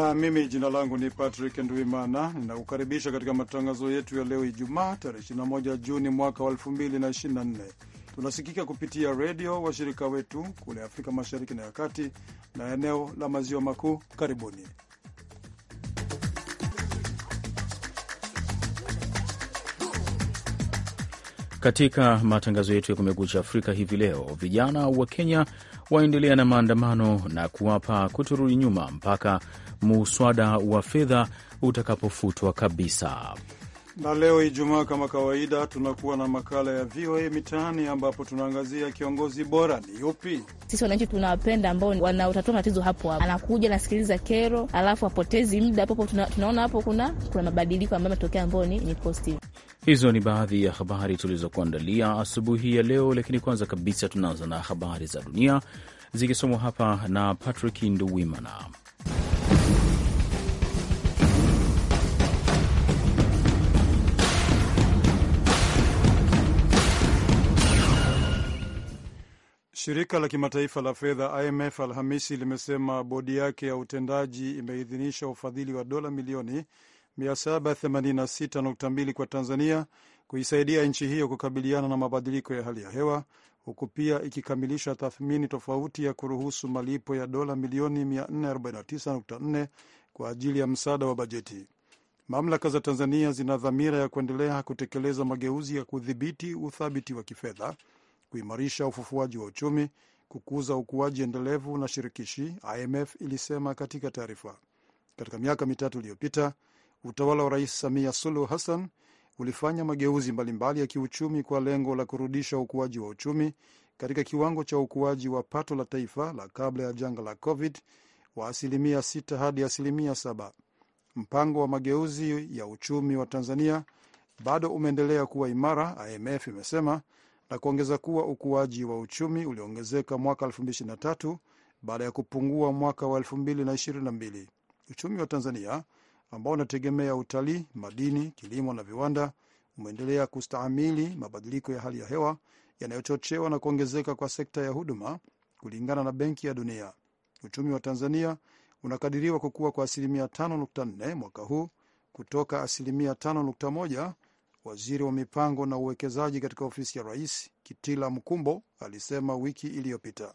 na mimi jina langu ni Patrick Ndwimana, ninakukaribisha katika matangazo yetu ya leo Ijumaa tarehe 21 Juni mwaka wa 2024. Tunasikika kupitia redio washirika wetu kule Afrika Mashariki na ya Kati na eneo la Maziwa Makuu. Karibuni. Katika matangazo yetu ya Kumekucha Afrika hivi leo, vijana wa Kenya waendelea na maandamano na kuapa kutorudi nyuma mpaka muswada wa fedha utakapofutwa kabisa. Na leo Ijumaa, kama kawaida, tunakuwa na makala ya VOA Mitaani ambapo tunaangazia kiongozi bora ni yupi. Sisi wananchi tunawapenda ambao wanautatua matatizo hapo hapo, anakuja nasikiliza kero, alafu apotezi muda hapo Tuna, tunaona hapo kuna kuna mabadiliko ambayo ametokea ambao ni positive. Hizo ni baadhi ya habari tulizokuandalia asubuhi ya leo, lakini kwanza kabisa tunaanza na habari za dunia zikisomwa hapa na Patrick Nduwimana. Shirika la kimataifa la fedha IMF Alhamisi limesema bodi yake ya utendaji imeidhinisha ufadhili wa dola milioni 786.2 kwa Tanzania kuisaidia nchi hiyo kukabiliana na mabadiliko ya hali ya hewa huku pia ikikamilisha tathmini tofauti ya kuruhusu malipo ya dola milioni 449.4 kwa ajili ya msaada wa bajeti. Mamlaka za Tanzania zina dhamira ya kuendelea kutekeleza mageuzi ya kudhibiti uthabiti wa kifedha, kuimarisha ufufuaji wa uchumi, kukuza ukuaji endelevu na shirikishi, IMF ilisema katika taarifa. Katika miaka mitatu iliyopita Utawala wa Rais Samia Suluhu Hassan ulifanya mageuzi mbalimbali ya kiuchumi kwa lengo la kurudisha ukuaji wa uchumi katika kiwango cha ukuaji wa pato la taifa la kabla ya janga la COVID wa asilimia 6 hadi asilimia 7. Mpango wa mageuzi ya uchumi wa Tanzania bado umeendelea kuwa imara, IMF imesema na kuongeza kuwa ukuaji wa uchumi uliongezeka mwaka 2023 baada ya kupungua mwaka wa 2022. Uchumi wa Tanzania ambao unategemea utalii, madini, kilimo na viwanda umeendelea kustahamili mabadiliko ya hali ya hewa yanayochochewa na kuongezeka kwa sekta ya huduma, kulingana na Benki ya Dunia. Uchumi wa Tanzania unakadiriwa kukua kwa asilimia 5.4 mwaka huu kutoka asilimia 5.1. Waziri wa mipango na uwekezaji katika ofisi ya rais Kitila Mkumbo alisema wiki iliyopita.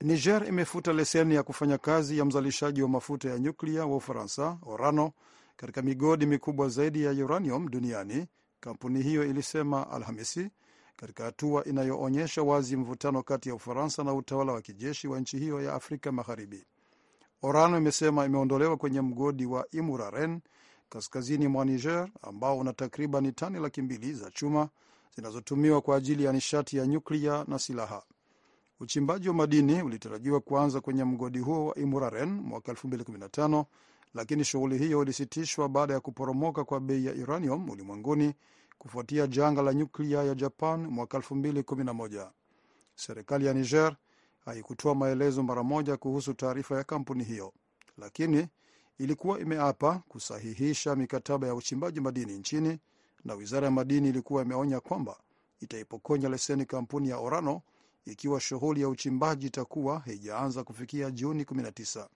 Niger imefuta leseni ya kufanya kazi ya mzalishaji wa mafuta ya nyuklia wa Ufaransa, Orano, katika migodi mikubwa zaidi ya uranium duniani, kampuni hiyo ilisema Alhamisi, katika hatua inayoonyesha wazi mvutano kati ya Ufaransa na utawala wa kijeshi wa nchi hiyo ya Afrika Magharibi. Orano imesema imeondolewa kwenye mgodi wa Imuraren kaskazini mwa Niger ambao una takribani tani laki mbili za chuma zinazotumiwa kwa ajili ya nishati ya nyuklia na silaha. Uchimbaji wa madini ulitarajiwa kuanza kwenye mgodi huo wa Imuraren mwaka 2015 lakini shughuli hiyo ilisitishwa baada ya kuporomoka kwa bei ya uranium ulimwenguni kufuatia janga la nyuklia ya Japan mwaka 2011. Serikali ya Niger haikutoa maelezo mara moja kuhusu taarifa ya kampuni hiyo, lakini ilikuwa imeapa kusahihisha mikataba ya uchimbaji madini nchini, na wizara ya madini ilikuwa imeonya kwamba itaipokonya leseni kampuni ya Orano ikiwa shughuli ya uchimbaji itakuwa haijaanza kufikia Juni 19.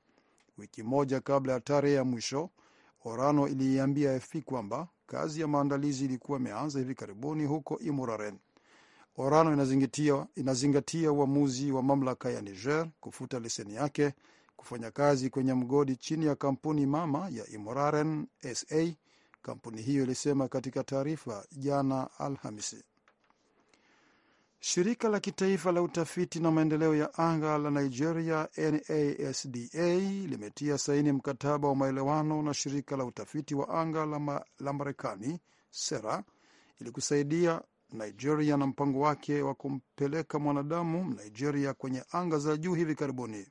Wiki moja kabla ya tarehe ya mwisho, Orano iliiambia AFP kwamba kazi ya maandalizi ilikuwa imeanza hivi karibuni huko Imuraren. Orano inazingatia, inazingatia uamuzi wa mamlaka ya Niger kufuta leseni yake kufanya kazi kwenye mgodi chini ya kampuni mama ya Imuraren SA, kampuni hiyo ilisema katika taarifa jana Alhamisi. Shirika la kitaifa la utafiti na maendeleo ya anga la Nigeria, NASDA, limetia saini mkataba wa maelewano na shirika la utafiti wa anga la, ma, la Marekani, SERA, ili kusaidia Nigeria na mpango wake wa kumpeleka mwanadamu Nigeria kwenye anga za juu hivi karibuni.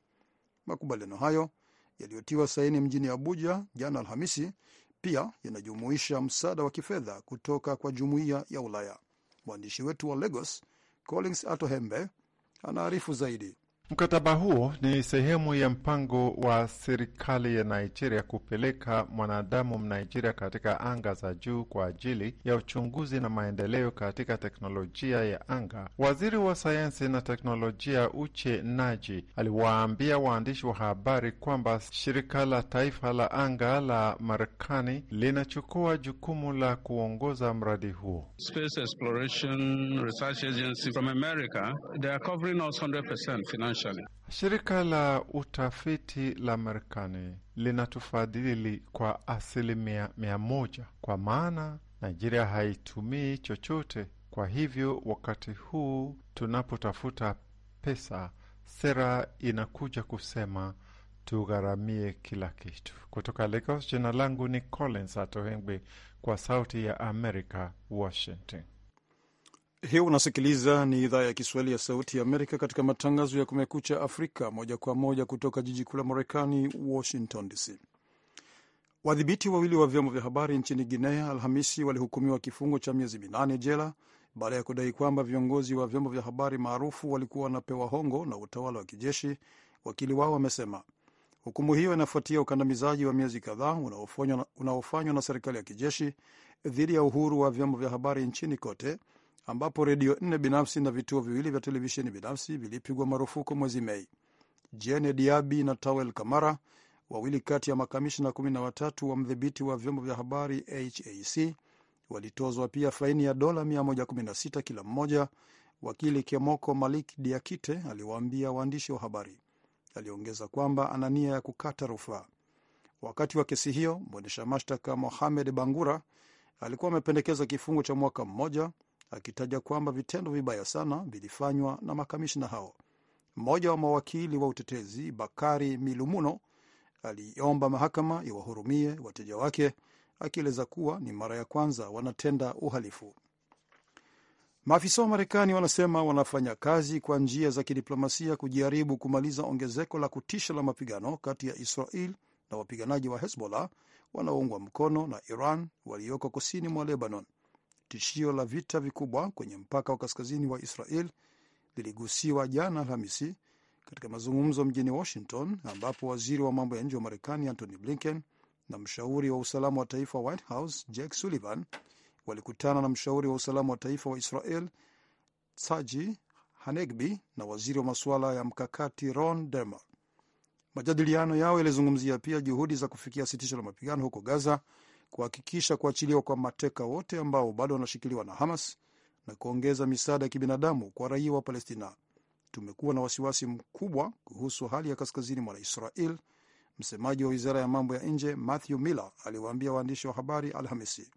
Makubaliano hayo yaliyotiwa saini mjini Abuja jana Alhamisi pia yanajumuisha msaada wa kifedha kutoka kwa jumuiya ya Ulaya. Mwandishi wetu wa Lagos Collins Atohembe anaarifu zaidi. Mkataba huo ni sehemu ya mpango wa serikali ya Nigeria kupeleka mwanadamu Mnigeria katika anga za juu kwa ajili ya uchunguzi na maendeleo katika teknolojia ya anga. Waziri wa sayansi na teknolojia Uche Naji aliwaambia waandishi wa habari kwamba shirika la taifa la anga la Marekani linachukua jukumu la kuongoza mradi huo. Space Exploration Research Agency from America, they are covering us 100% financially especially. Shirika la utafiti la Marekani linatufadhili kwa asilimia mia moja, kwa maana Nigeria haitumii chochote. Kwa hivyo wakati huu tunapotafuta pesa, sera inakuja kusema tugharamie kila kitu. Kutoka Lagos, jina langu ni Collins Atohengwi, kwa Sauti ya Amerika, Washington hiyo unasikiliza ni idhaa ya Kiswahili ya Sauti ya Amerika katika matangazo ya Kumekucha Afrika, moja kwa moja kutoka jiji kuu la Marekani, Washington DC. Wadhibiti wawili wa vyombo vya habari nchini Guinea Alhamisi walihukumiwa kifungo cha miezi minane jela baada ya kudai kwamba viongozi wa vyombo vya habari maarufu walikuwa wanapewa hongo na utawala wa kijeshi. Wakili wao wamesema hukumu hiyo inafuatia ukandamizaji wa miezi kadhaa unaofanywa na serikali ya kijeshi dhidi ya uhuru wa vyombo vya habari nchini kote ambapo redio nne binafsi na vituo viwili vya televisheni binafsi vilipigwa marufuku mwezi Mei. Jene Diabi na Tawel Kamara, wawili kati ya makamishna kumi na watatu wa mdhibiti wa vyombo vya habari HAC, walitozwa pia faini ya dola 116 kila mmoja. Wakili Kemoko Malik Diakite aliwaambia waandishi wa habari. Aliongeza kwamba ana nia ya kukata rufaa. Wakati wa kesi hiyo, mwendesha mashtaka Mohamed Bangura alikuwa amependekeza kifungo cha mwaka mmoja akitaja kwamba vitendo vibaya sana vilifanywa na makamishna hao. Mmoja wa mawakili wa utetezi Bakari Milumuno aliomba mahakama iwahurumie wateja wake, akieleza kuwa ni mara ya kwanza wanatenda uhalifu. Maafisa wa Marekani wanasema wanafanya kazi kwa njia za kidiplomasia kujaribu kumaliza ongezeko la kutisha la mapigano kati ya Israel na wapiganaji wa Hezbollah wanaoungwa mkono na Iran walioko kusini mwa Lebanon tishio la vita vikubwa kwenye mpaka wa kaskazini wa Israel liligusiwa jana Alhamisi katika mazungumzo mjini Washington, ambapo waziri wa mambo ya nje wa Marekani Antony Blinken na mshauri wa usalama wa taifa wa White House Jake Sullivan walikutana na mshauri wa usalama wa taifa wa Israel Tsaji Hanegbi na waziri wa masuala ya mkakati Ron Dermer. Majadiliano yao yalizungumzia pia juhudi za kufikia sitisho la mapigano huko Gaza kuhakikisha kuachiliwa kwa mateka wote ambao bado wanashikiliwa na Hamas na kuongeza misaada ya kibinadamu kwa raia wa Palestina. Tumekuwa na wasiwasi mkubwa kuhusu hali ya kaskazini mwa Israel, msemaji wa wizara ya mambo ya nje Matthew Miller aliwaambia waandishi wa habari Alhamisi.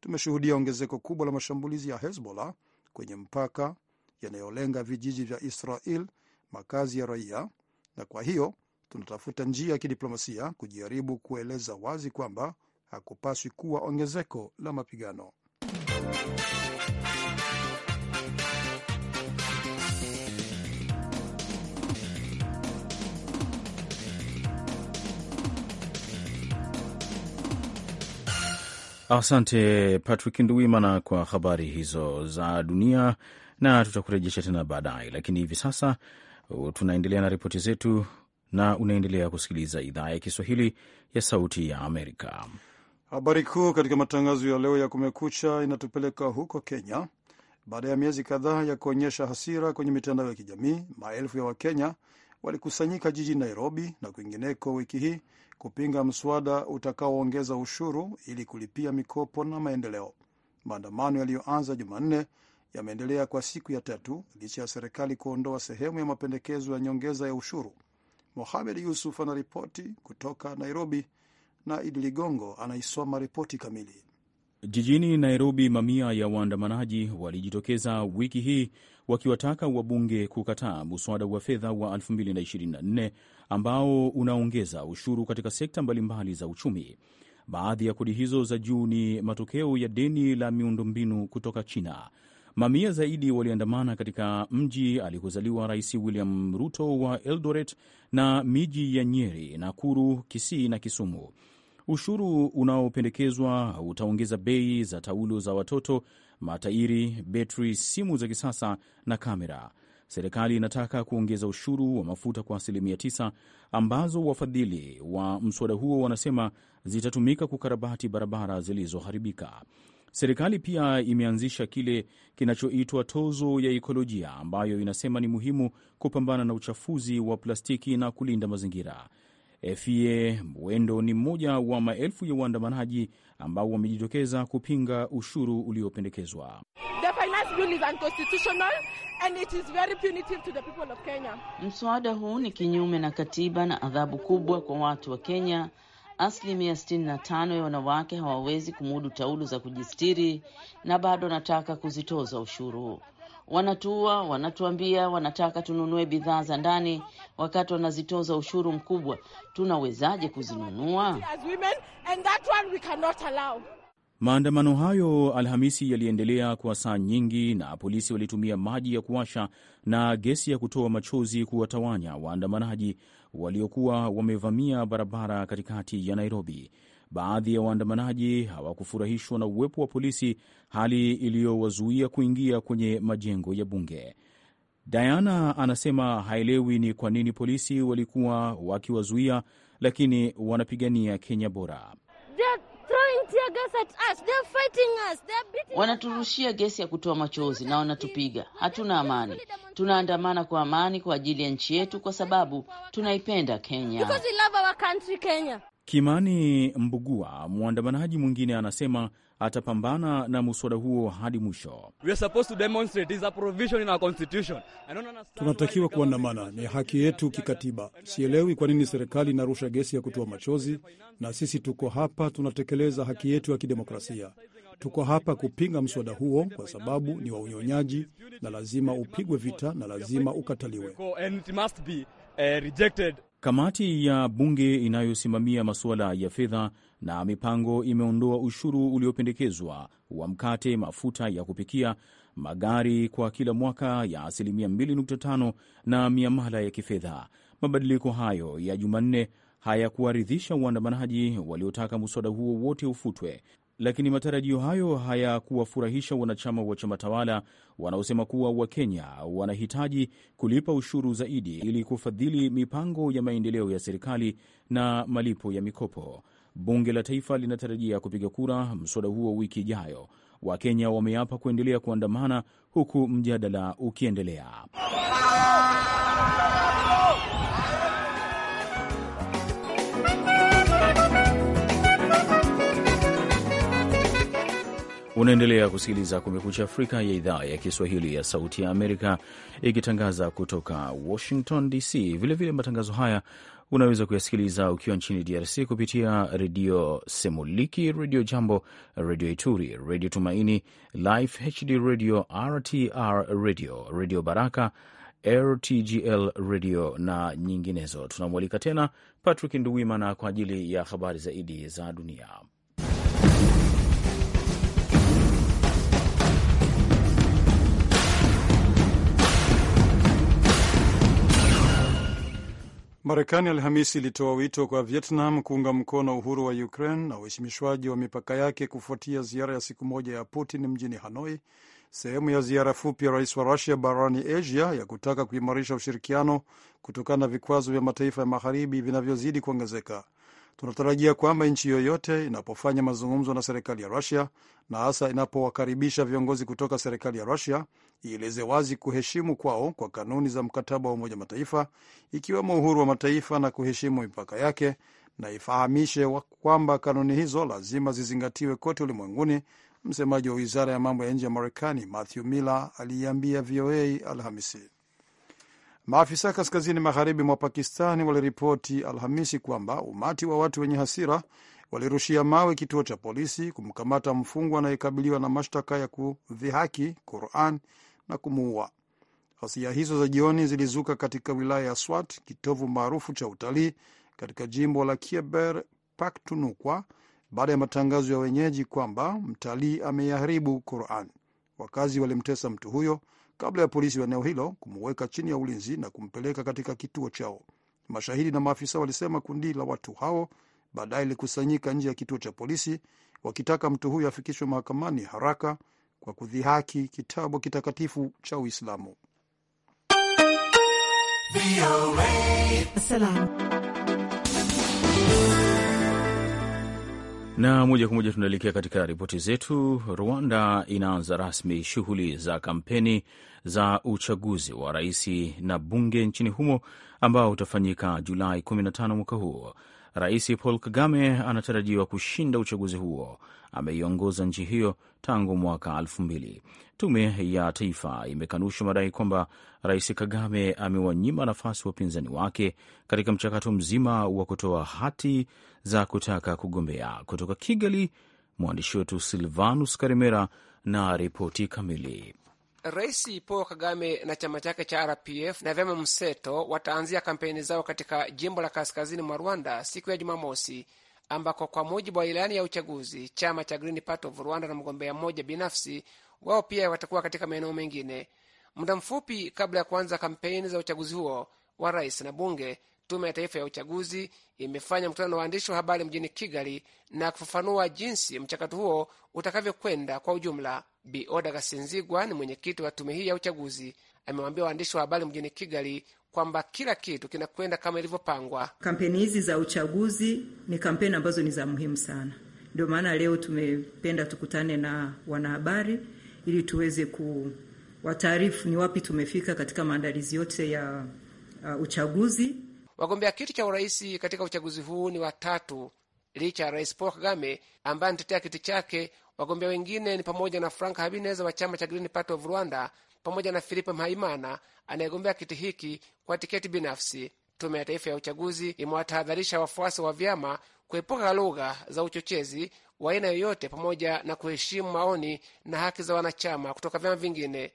Tumeshuhudia ongezeko kubwa la mashambulizi ya Hezbollah kwenye mpaka yanayolenga vijiji vya Israel, makazi ya raia, na kwa hiyo tunatafuta njia ya kidiplomasia kujaribu kueleza wazi kwamba hakupaswi kuwa ongezeko la mapigano. Asante Patrick Nduwimana kwa habari hizo za dunia, na tutakurejesha tena baadaye. Lakini hivi sasa tunaendelea na ripoti zetu, na unaendelea kusikiliza idhaa ya Kiswahili ya Sauti ya Amerika. Habari kuu katika matangazo ya leo ya Kumekucha inatupeleka huko Kenya. Baada ya miezi kadhaa ya kuonyesha hasira kwenye mitandao ya kijamii, maelfu ya Wakenya walikusanyika jijini Nairobi na kwingineko wiki hii kupinga mswada utakaoongeza ushuru ili kulipia mikopo na maendeleo. Maandamano yaliyoanza Jumanne yameendelea kwa siku ya tatu licha ya serikali kuondoa sehemu ya mapendekezo ya nyongeza ya ushuru. Mohamed Yusuf anaripoti kutoka Nairobi na Idi Ligongo anaisoma ripoti kamili. Jijini Nairobi, mamia ya waandamanaji walijitokeza wiki hii wakiwataka wabunge kukataa muswada wa fedha wa 2024 ambao unaongeza ushuru katika sekta mbalimbali za uchumi. Baadhi ya kodi hizo za juu ni matokeo ya deni la miundombinu kutoka China. Mamia zaidi waliandamana katika mji alikozaliwa Rais William Ruto wa Eldoret na miji ya Nyeri, Nakuru, Kisii na Kisumu. Ushuru unaopendekezwa utaongeza bei za taulo za watoto, matairi, betri, simu za kisasa na kamera. Serikali inataka kuongeza ushuru wa mafuta kwa asilimia 9 ambazo wafadhili wa mswada huo wanasema zitatumika kukarabati barabara zilizoharibika. Serikali pia imeanzisha kile kinachoitwa tozo ya ekolojia ambayo inasema ni muhimu kupambana na uchafuzi wa plastiki na kulinda mazingira. Efie Mwendo ni mmoja wa maelfu ya waandamanaji ambao wamejitokeza kupinga ushuru uliopendekezwa. Mswada huu ni kinyume na katiba na adhabu kubwa kwa watu wa Kenya. Asilimia 65 ya wanawake hawawezi kumudu taulo za kujistiri na bado wanataka kuzitoza ushuru wanatuua, wanatuambia wanataka tununue bidhaa za ndani wakati wanazitoza ushuru mkubwa. Tunawezaje kuzinunua? Maandamano hayo Alhamisi yaliendelea kwa saa nyingi na polisi walitumia maji ya kuwasha na gesi ya kutoa machozi kuwatawanya waandamanaji waliokuwa wamevamia barabara katikati ya Nairobi. Baadhi ya waandamanaji hawakufurahishwa na uwepo wa polisi, hali iliyowazuia kuingia kwenye majengo ya bunge. Diana anasema haelewi ni kwa nini polisi walikuwa wakiwazuia, lakini wanapigania Kenya bora. Wanaturushia gesi ya kutoa machozi na wanatupiga. Hatuna amani, tunaandamana kwa amani kwa ajili ya nchi yetu, kwa sababu tunaipenda Kenya. Kimani Mbugua, mwandamanaji mwingine, anasema atapambana na muswada huo hadi mwisho. Tunatakiwa kuandamana, ni haki yetu kikatiba. Sielewi kwa nini serikali inarusha gesi ya kutoa machozi, na sisi tuko hapa tunatekeleza haki yetu ya kidemokrasia. Tuko hapa kupinga mswada huo kwa sababu ni wa unyonyaji na lazima upigwe vita na lazima ukataliwe uh, rejected. Kamati ya bunge inayosimamia masuala ya fedha na mipango imeondoa ushuru uliopendekezwa wa mkate, mafuta ya kupikia, magari kwa kila mwaka ya asilimia 2.5 na miamala ya kifedha. Mabadiliko hayo ya Jumanne hayakuwaridhisha waandamanaji waliotaka mswada huo wote ufutwe, lakini matarajio hayo hayakuwafurahisha wanachama wa chama tawala wanaosema kuwa Wakenya wanahitaji kulipa ushuru zaidi ili kufadhili mipango ya maendeleo ya serikali na malipo ya mikopo. Bunge la Taifa linatarajia kupiga kura mswada huo wiki ijayo. Wakenya wameapa kuendelea kuandamana huku mjadala ukiendelea. Unaendelea kusikiliza Kumekucha Afrika ya idhaa ya Kiswahili ya Sauti ya Amerika ikitangaza kutoka Washington DC. Vilevile matangazo haya unaweza kuyasikiliza ukiwa nchini DRC kupitia Redio Semuliki, Redio Jambo, Redio Ituri, Redio Tumaini, Life HD Radio, RTR Radio, Redio Baraka, RTGL Radio na nyinginezo. Tunamwalika tena Patrick Nduwimana kwa ajili ya habari zaidi za dunia. Marekani Alhamisi ilitoa wito kwa Vietnam kuunga mkono uhuru wa Ukraine na uheshimishwaji wa mipaka yake kufuatia ziara ya siku moja ya Putin mjini Hanoi, sehemu ya ziara fupi ya rais wa Rusia barani Asia ya kutaka kuimarisha ushirikiano kutokana na vikwazo vya mataifa ya magharibi vinavyozidi kuongezeka. Tunatarajia kwamba nchi yoyote inapofanya mazungumzo na serikali ya Rusia na hasa inapowakaribisha viongozi kutoka serikali ya Rusia ieleze wazi kuheshimu kwao kwa kanuni za mkataba wa Umoja Mataifa, ikiwemo uhuru wa mataifa na kuheshimu mipaka yake, na ifahamishe kwamba kanuni hizo lazima zizingatiwe kote ulimwenguni. Msemaji wa wizara ya mambo ya nje ya Marekani Matthew Miller aliiambia VOA Alhamisi. Maafisa kaskazini magharibi mwa Pakistani waliripoti Alhamisi kwamba umati wa watu wenye hasira walirushia mawe kituo cha polisi kumkamata mfungwa anayekabiliwa na mashtaka ya kudhihaki Quran na kumuua. Ghasia hizo za jioni zilizuka katika wilaya ya Swat, kitovu maarufu cha utalii katika jimbo la Khyber Pakhtunkhwa, baada ya matangazo ya wenyeji kwamba mtalii ameyaharibu Quran. Wakazi walimtesa mtu huyo kabla ya polisi wa eneo hilo kumuweka chini ya ulinzi na kumpeleka katika kituo chao. Mashahidi na maafisa walisema kundi la watu hao baadaye ilikusanyika nje ya kituo cha polisi wakitaka mtu huyo afikishwe mahakamani haraka kwa kudhihaki kitabu kitakatifu cha Uislamu. Na moja kwa moja tunaelekea katika ripoti zetu. Rwanda inaanza rasmi shughuli za kampeni za uchaguzi wa rais na bunge nchini humo ambao utafanyika Julai 15 mwaka huo. Rais Paul Kagame anatarajiwa kushinda uchaguzi huo. Ameiongoza nchi hiyo tangu mwaka elfu mbili. Tume ya Taifa imekanusha madai kwamba Rais Kagame amewanyima nafasi wapinzani wake katika mchakato mzima wa kutoa hati za kutaka kugombea. Kutoka Kigali, mwandishi wetu Silvanus Karimera na ripoti kamili. Rais Paul Kagame na chama chake cha RPF na vyama mseto wataanzia kampeni zao katika jimbo la kaskazini mwa Rwanda siku ya Jumamosi, ambako kwa mujibu wa ilani ya uchaguzi chama cha Green Party of Rwanda na mgombea mmoja binafsi wao pia watakuwa katika maeneo mengine. Muda mfupi kabla ya kuanza kampeni za uchaguzi huo wa rais na bunge, Tume ya Taifa ya Uchaguzi imefanya mkutano na waandishi wa habari mjini Kigali na kufafanua jinsi mchakato huo utakavyokwenda kwa ujumla. Bi Oda Gasinzigwa ni mwenyekiti wa tume hii ya uchaguzi, amewaambia waandishi wa habari mjini Kigali kwamba kila kitu kinakwenda kama ilivyopangwa. Kampeni hizi za uchaguzi ni kampeni ambazo ni za muhimu sana, ndio maana leo tumependa tukutane na wanahabari ili tuweze kuwataarifu ni wapi tumefika katika maandalizi yote ya uh, uchaguzi. Wagombea kiti cha urais katika uchaguzi huu ni watatu, licha ya rais Paul Kagame ambaye anatetea kiti chake. Wagombea wengine ni pamoja na Frank Habineza wa chama cha Green Party of Rwanda pamoja na Filipe Mhaimana anayegombea kiti hiki kwa tiketi binafsi. Tume ya Taifa ya Uchaguzi imewatahadharisha wafuasi wa vyama kuepuka lugha za uchochezi wa aina yoyote, pamoja na kuheshimu maoni na haki za wanachama kutoka vyama vingine.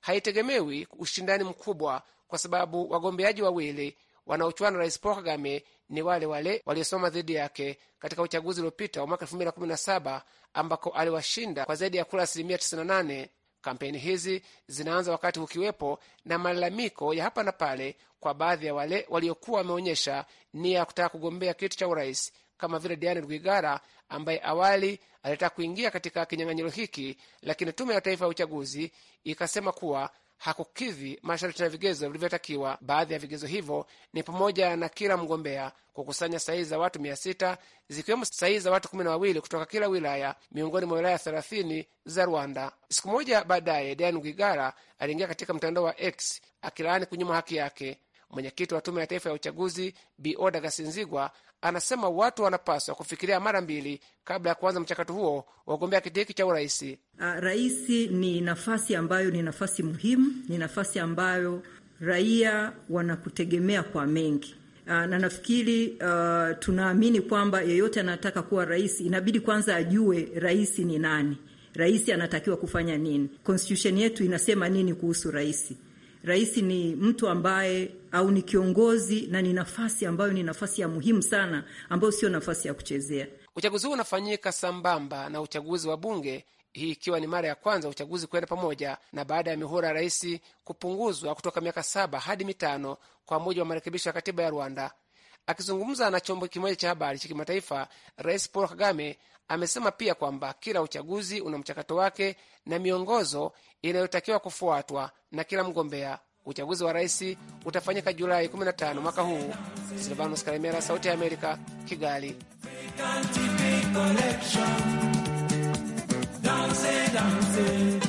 Haitegemewi ushindani mkubwa, kwa sababu wagombeaji wawili wanaochuana na Rais Paul Kagame ni wale wale waliosoma dhidi yake katika uchaguzi uliopita wa mwaka saba ambako aliwashinda kwa zaidi ya kura asilimia 98. Kampeni hizi zinaanza wakati hukiwepo na malalamiko ya hapa na pale kwa baadhi ya wale waliokuwa wameonyesha nia ya kutaka kugombea kiti cha urais kama vile Diane Rwigara ambaye awali alitaka kuingia katika kinyang'anyiro hiki, lakini Tume ya Taifa ya Uchaguzi ikasema kuwa hakukidhi masharti na vigezo vilivyotakiwa. Baadhi ya vigezo hivyo ni pamoja na kila mgombea kukusanya sahihi za watu mia sita zikiwemo sahihi za watu kumi na wawili kutoka kila wilaya miongoni mwa wilaya thelathini za Rwanda. Siku moja baadaye, dan Gwigara aliingia katika mtandao wa X akilaani kunyuma haki yake Mwenyekiti wa Tume ya Taifa ya Uchaguzi Bi Oda Gasinzigwa anasema watu wanapaswa kufikiria mara mbili kabla ya kuanza mchakato huo wa kugombea kiti hiki cha urais. Ah, rais ni nafasi ambayo ni nafasi muhimu, ni nafasi ambayo raia wanakutegemea kwa mengi ah, na nafikiri uh, tunaamini kwamba yeyote anataka kuwa rais inabidi kwanza ajue rais ni nani, rais anatakiwa kufanya nini, constitution yetu inasema nini kuhusu rahisi rais ni mtu ambaye au ni kiongozi na ni nafasi ambayo ni nafasi ya muhimu sana ambayo sio nafasi ya kuchezea. Uchaguzi huu unafanyika sambamba na uchaguzi wa bunge, hii ikiwa ni mara ya kwanza uchaguzi kwenda pamoja na baada ya mihula ya rais kupunguzwa kutoka miaka saba hadi mitano kwa mujibu wa marekebisho ya katiba ya Rwanda Akizungumza na chombo kimoja cha habari cha kimataifa, Rais Paul Kagame amesema pia kwamba kila uchaguzi una mchakato wake na miongozo inayotakiwa kufuatwa na kila mgombea. Uchaguzi wa rais utafanyika Julai 15 mwaka huu. Silvanus Kalemera, Sauti ya Amerika, Kigali. Dance, dance.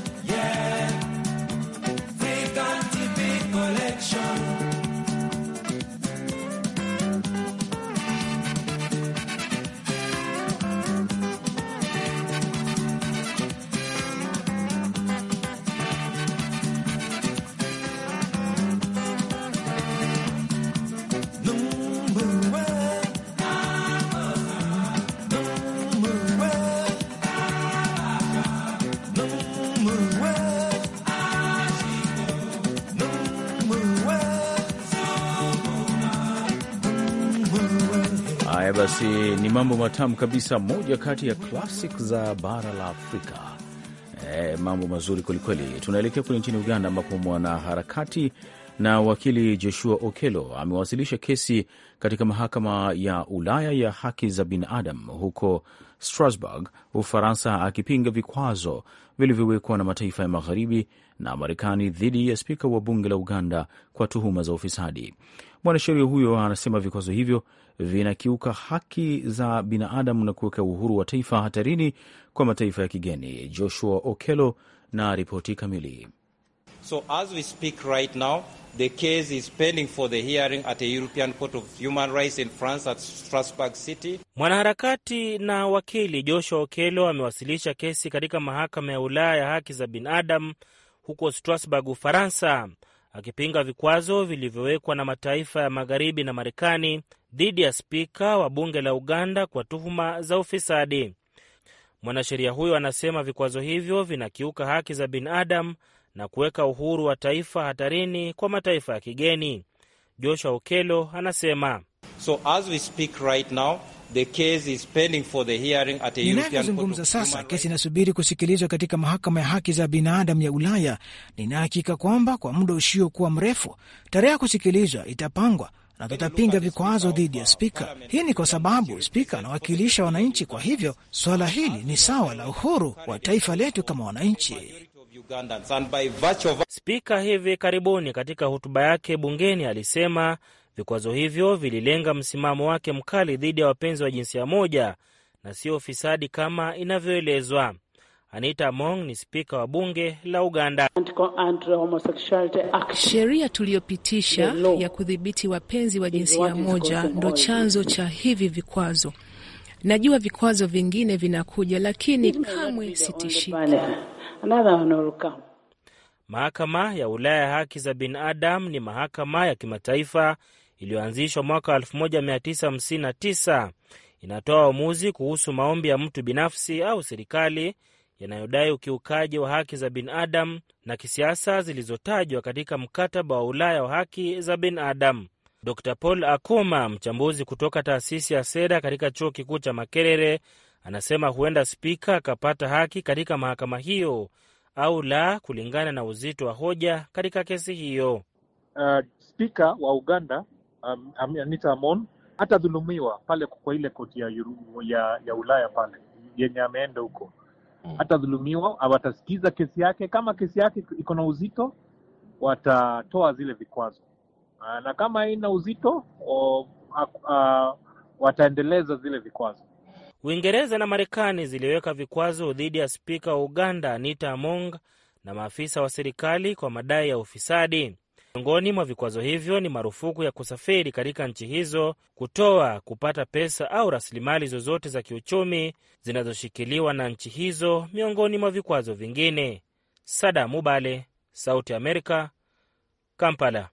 Haya basi, ni mambo matamu kabisa, moja kati ya classic za bara la Afrika. E, mambo mazuri kwelikweli. Tunaelekea kule nchini Uganda ambapo mwanaharakati na wakili Joshua Okelo amewasilisha kesi katika mahakama ya Ulaya ya haki za binadamu huko Strasbourg, Ufaransa, akipinga vikwazo vilivyowekwa na mataifa ya magharibi na Marekani dhidi ya spika wa bunge la Uganda kwa tuhuma za ufisadi. Mwanasheria huyo anasema vikwazo hivyo vinakiuka haki za binadamu na kuweka uhuru wa taifa hatarini kwa mataifa ya kigeni. Joshua Okelo na ripoti kamili. So as we speak right now, the case is pending for the hearing at the European Court of Human Rights in France at Strasbourg City. Mwanaharakati na wakili Joshua Okelo amewasilisha kesi katika mahakama ya Ulaya ya haki za binadamu huko Strasbourg, Ufaransa akipinga vikwazo vilivyowekwa na mataifa ya magharibi na Marekani dhidi ya spika wa bunge la Uganda kwa tuhuma za ufisadi. Mwanasheria huyo anasema vikwazo hivyo vinakiuka haki za binadamu na kuweka uhuru wa taifa hatarini kwa mataifa ya kigeni. Joshua Okelo anasema Ninavyozungumza sasa, kesi inasubiri kusikilizwa katika mahakama ya haki za binadamu ya Ulaya. Ninahakika kwamba kwa muda usiokuwa mrefu tarehe ya kusikilizwa itapangwa na tutapinga vikwazo dhidi ya spika. Hii ni kwa sababu spika anawakilisha wananchi, kwa hivyo swala hili ni sawa la uhuru wa taifa letu kama wananchi. Spika hivi karibuni katika hotuba yake bungeni alisema Vikwazo hivyo vililenga msimamo wake mkali dhidi ya wapenzi wa jinsia moja na sio ufisadi kama inavyoelezwa. Anita Among ni spika wa bunge la Uganda. Sheria tuliyopitisha ya kudhibiti wapenzi wa jinsia moja ndo chanzo cha hivi vikwazo. Najua vikwazo vingine vinakuja, lakini kamwe sitishiki. Mahakama ya Ulaya ya haki za binadamu ni mahakama ya kimataifa iliyoanzishwa mwaka 1959 inatoa uamuzi kuhusu maombi ya mtu binafsi au serikali yanayodai ukiukaji wa haki za binadamu na kisiasa zilizotajwa katika mkataba wa Ulaya wa haki za binadamu. Dr Paul Akuma, mchambuzi kutoka taasisi ya sera katika chuo kikuu cha Makerere, anasema huenda spika akapata haki katika mahakama hiyo au la, kulingana na uzito wa hoja katika kesi hiyo. Uh, spika wa Uganda um, Anita Amon hatadhulumiwa pale kwa ile koti ya, ya, ya Ulaya pale yenye ameenda huko hatadhulumiwa, hmm. watasikiza kesi yake. Kama kesi yake iko na uzito, watatoa zile vikwazo, ah, na kama haina uzito o, a, a, wataendeleza zile vikwazo. Uingereza na Marekani ziliweka vikwazo dhidi ya spika wa Uganda Anita Among na maafisa wa serikali kwa madai ya ufisadi. Miongoni mwa vikwazo hivyo ni marufuku ya kusafiri katika nchi hizo, kutoa, kupata pesa au rasilimali zozote za kiuchumi zinazoshikiliwa na nchi hizo, miongoni mwa vikwazo vingine. Sada Mubale, Sauti Amerika, Kampala.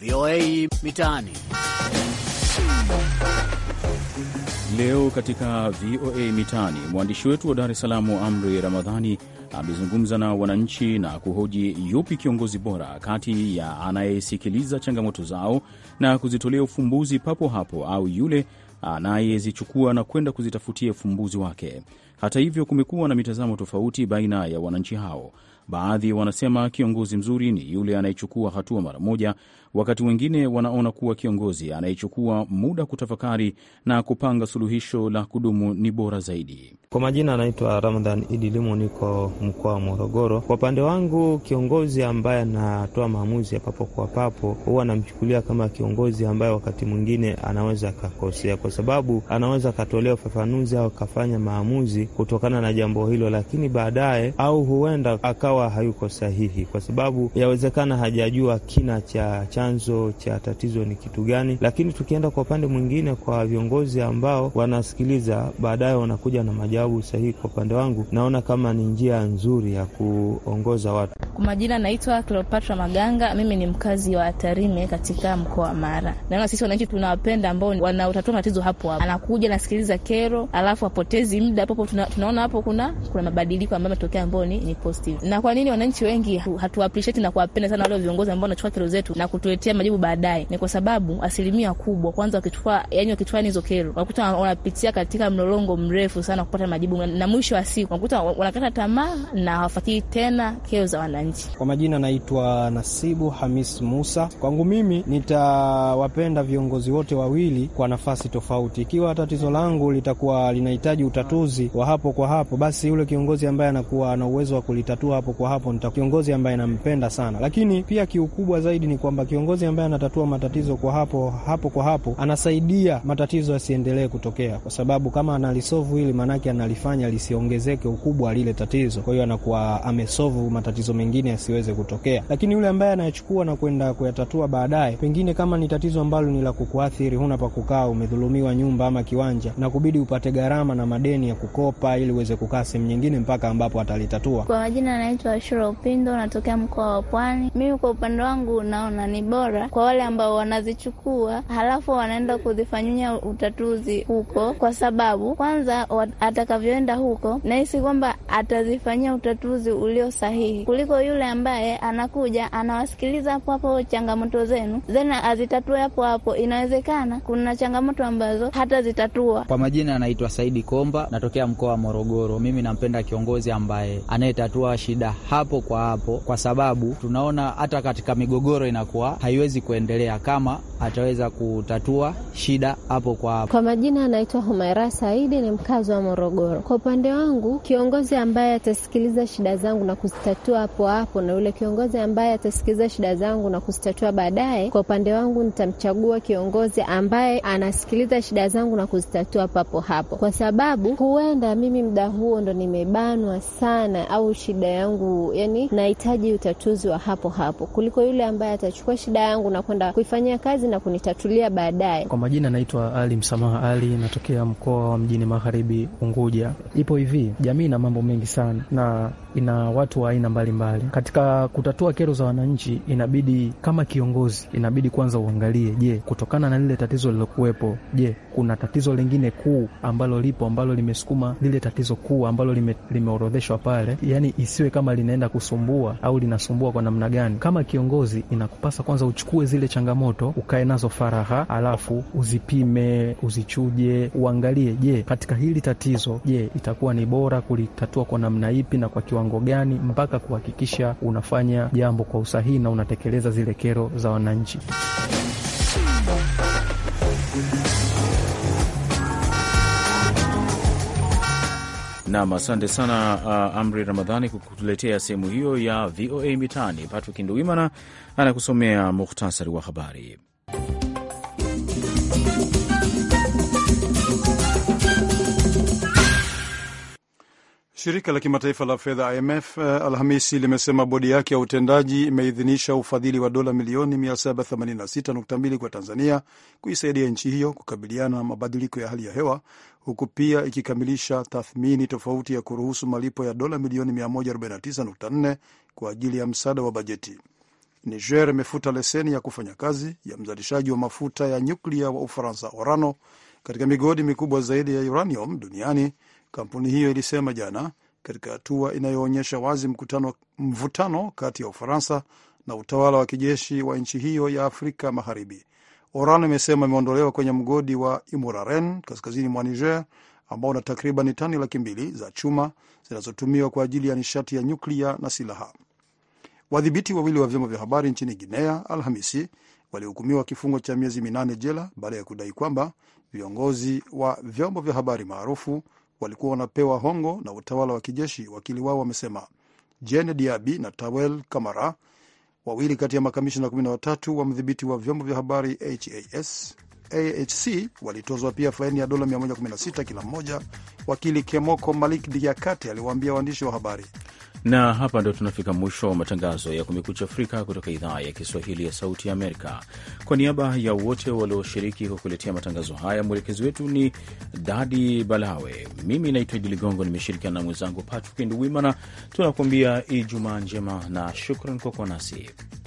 VOA Mitaani. Leo katika VOA Mitaani, mwandishi wetu wa Dar es Salaam Amri Ramadhani amezungumza na wananchi na kuhoji yupi kiongozi bora kati ya anayesikiliza changamoto zao na kuzitolea ufumbuzi papo hapo au yule anayezichukua na kwenda kuzitafutia ufumbuzi wake. Hata hivyo, kumekuwa na mitazamo tofauti baina ya wananchi hao. Baadhi wanasema kiongozi mzuri ni yule anayechukua hatua mara moja wakati wengine wanaona kuwa kiongozi anayechukua muda kutafakari na kupanga suluhisho la kudumu ni bora zaidi. Kwa majina anaitwa Ramadhan Idi Limu, niko mkoa wa Morogoro. Kwa upande wangu, kiongozi ambaye anatoa maamuzi ya papo kwa papo huwa anamchukulia kama kiongozi ambaye wakati mwingine anaweza akakosea, kwa sababu anaweza akatolea ufafanuzi au akafanya maamuzi kutokana na jambo hilo, lakini baadaye au huenda akawa hayuko sahihi, kwa sababu yawezekana hajajua kina cha, cha chanzo cha tatizo ni kitu gani. Lakini tukienda kwa upande mwingine, kwa viongozi ambao wanasikiliza, baadaye wanakuja na majawabu sahihi, kwa upande wangu naona kama ni njia nzuri ya kuongoza watu. Kwa majina naitwa Cleopatra Maganga, mimi ni mkazi wa Tarime katika mkoa wa Mara. Naona sisi wananchi tunawapenda ambao wanautatua matatizo hapo hapo, anakuja nasikiliza kero, alafu apotezi muda hapo, tuna, tunaona hapo kuna kuna mabadiliko ambayo ametokea ambao ni, ni positive. Na kwa nini wananchi wengi hatu appreciate na kuwapenda sana wale viongozi ambao wanachukua kero zetu na kutuletea majibu baadaye? Ni kwa sababu asilimia kubwa kwanza wakichukua yani wakichukua hizo kero wanakuta wanapitia katika mlolongo mrefu sana kupata majibu, na mwisho wa siku wanakuta wanakata tamaa na hawafuatii tena kero za wananchi wananchi. Kwa majina naitwa Nasibu Hamis Musa. Kwangu mimi nitawapenda viongozi wote wawili kwa nafasi tofauti. Ikiwa tatizo langu litakuwa linahitaji utatuzi wa hapo kwa hapo, basi yule kiongozi ambaye anakuwa ana uwezo wa kulitatua hapo kwa hapo nita kiongozi ambaye nampenda sana, lakini pia kiukubwa zaidi ni kwamba kiongozi ambaye anatatua matatizo kwa hapo hapo kwa hapo anasaidia matatizo yasiendelee kutokea, kwa sababu kama analisovu hili, maanake analifanya lisiongezeke ukubwa lile tatizo, kwa hiyo anakuwa amesovu matatizo mengi mengine yasiweze kutokea, lakini yule ambaye anayachukua na kwenda kuyatatua baadaye, pengine kama ni tatizo ambalo ni la kukuathiri, huna pa kukaa, umedhulumiwa nyumba ama kiwanja, na kubidi upate gharama na madeni ya kukopa ili uweze kukaa sehemu nyingine mpaka ambapo atalitatua. Kwa majina anaitwa Ashura Upindo, natokea mkoa wa Pwani. Mimi kwa upande wangu naona ni bora kwa wale ambao wanazichukua halafu wanaenda kuzifanyia utatuzi huko, kwa sababu kwanza atakavyoenda huko nahisi kwamba atazifanyia utatuzi ulio sahihi kuliko yule ambaye anakuja anawasikiliza hapo hapo changamoto zenu, zena azitatue hapo hapo. Inawezekana kuna changamoto ambazo hata zitatua. Kwa majina anaitwa Saidi Komba, natokea mkoa wa Morogoro. Mimi nampenda kiongozi ambaye anayetatua shida hapo kwa hapo, kwa sababu tunaona hata katika migogoro inakuwa haiwezi kuendelea kama ataweza kutatua shida hapo kwa hapo. Kwa majina anaitwa Humaira Saidi, ni mkazi wa Morogoro. Kwa upande wangu, kiongozi ambaye atasikiliza shida zangu na kuzitatua hapo wapo na yule kiongozi ambaye atasikiza shida zangu na kuzitatua baadaye. Kwa upande wangu, nitamchagua kiongozi ambaye anasikiliza shida zangu na kuzitatua papo hapo, kwa sababu huenda mimi mda huo ndo nimebanwa sana, au shida yangu yani nahitaji utatuzi wa hapo hapo, kuliko yule ambaye atachukua shida yangu na kwenda kuifanyia kazi na kunitatulia baadaye. Kwa majina, naitwa Ali Msamaha Ali, natokea mkoa wa Mjini Magharibi, Unguja. Ipo hivi, jamii ina mambo mengi sana na ina watu wa aina mbalimbali serikali katika kutatua kero za wananchi, inabidi kama kiongozi, inabidi kwanza uangalie, je, kutokana na lile tatizo lilokuwepo je, kuna tatizo lingine kuu ambalo lipo ambalo limesukuma lile tatizo kuu ambalo limeorodheshwa lime pale, yani isiwe kama linaenda kusumbua au linasumbua kwa namna gani. Kama kiongozi, inakupasa kwanza uchukue zile changamoto, ukae nazo faraha, alafu uzipime, uzichuje, uangalie, je, katika hili tatizo, je, itakuwa ni bora kulitatua kwa namna ipi na kwa kiwango gani mpaka kuhakikisha kuhakikisha unafanya jambo kwa usahihi na unatekeleza zile kero za wananchi. Nam, asante sana uh, Amri Ramadhani kwa kutuletea sehemu hiyo ya VOA Mitaani. Patrick Nduwimana anakusomea muhtasari wa habari. Shirika la kimataifa la fedha IMF eh, Alhamisi limesema bodi yake ya utendaji imeidhinisha ufadhili wa dola milioni 786.2 kwa Tanzania kuisaidia nchi hiyo kukabiliana na mabadiliko ya hali ya hewa huku pia ikikamilisha tathmini tofauti ya kuruhusu malipo ya dola milioni 149.4 kwa ajili ya msaada wa bajeti. Niger imefuta leseni ya kufanya kazi ya mzalishaji wa mafuta ya nyuklia wa Ufaransa Orano katika migodi mikubwa zaidi ya uranium duniani kampuni hiyo ilisema jana, katika hatua inayoonyesha wazi mkutano, mvutano kati ya Ufaransa na utawala wa kijeshi wa nchi hiyo ya Afrika Magharibi. Oran imesema imeondolewa kwenye mgodi wa Imuraren kaskazini mwa Niger ambao una takriban tani laki mbili za chuma zinazotumiwa kwa ajili ya nishati ya nyuklia na silaha. Wadhibiti wawili wa vyombo vya habari nchini Guinea Alhamisi walihukumiwa kifungo cha miezi minane jela baada ya kudai kwamba viongozi wa vyombo vya habari maarufu walikuwa wanapewa hongo na utawala wa kijeshi, wakili wao wamesema. Jane diabi na Tawel Kamara, wawili kati ya makamishina 13 wa mdhibiti wa vyombo vya habari HAS AHC walitozwa pia faini ya dola 116 kila mmoja. Wakili Kemoko Malik Diakate aliwaambia waandishi wa habari na hapa ndo tunafika mwisho wa matangazo ya Kumekucha Afrika kutoka idhaa ya Kiswahili ya Sauti ya Amerika. Kwa niaba ya wote walioshiriki kukuletea matangazo haya, mwelekezi wetu ni Dadi Balawe, mimi naitwa Idi Ligongo, nimeshirikiana na mwenzangu Patrick Nduwimana. Tunakuambia Ijumaa njema na shukran kwa kuwa nasi.